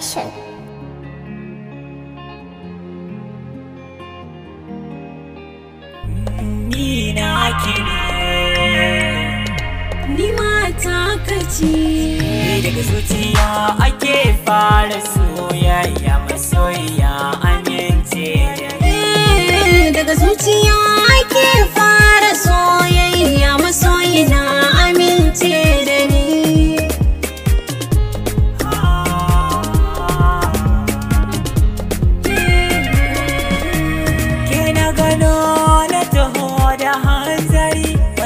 action. Ni ni mata kace. Eh, daga zuciya ake fara soyayya masoyiya amince. Daga zuciya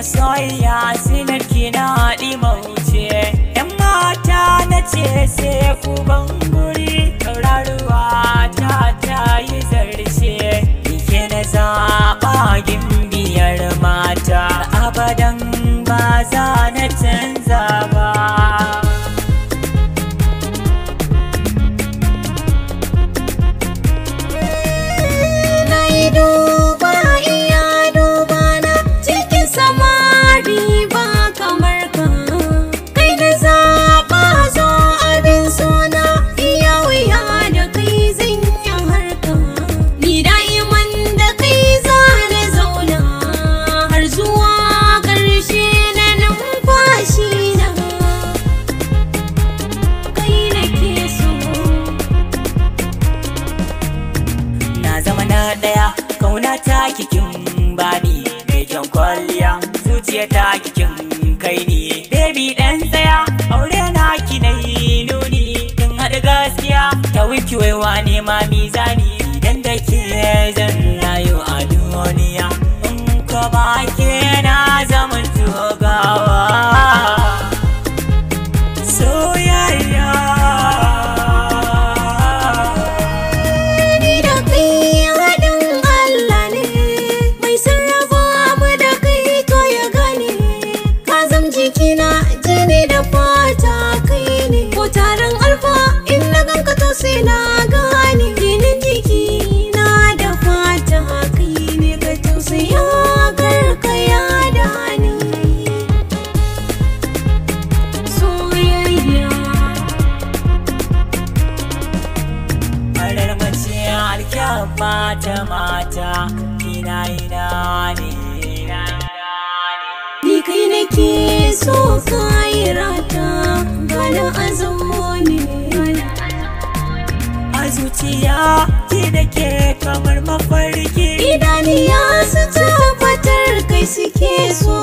soyayya sinar kina ɗiba wuce yan mata na ce sai ku ban guri tauraruwa ta ta yi zarce ke na zaɓa gimbi na zama na ɗaya kauna ta kikin bani mai kyan kwalliya zuciya ta kikin kai ni baby ɗan tsaya aure na ki na yi nuni in haɗu gaskiya ta wiki waiwa ne ma mizani idan da ke zan layo a duniya in ka ba ke na zaman tugawa jikina jini da fata kai ne ko tarin alfa in na ganka to sai na gane jinin jikina da fata kai ne ka to sai ya dani soyayya farar mace ta mata ina ina ne so kairata gana azumi a zuciya ke da ke kamar mafarki idaniya su tabbatar kai suke so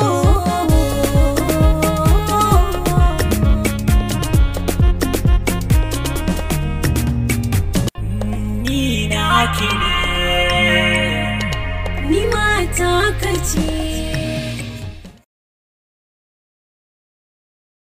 Ni na Ni mata kace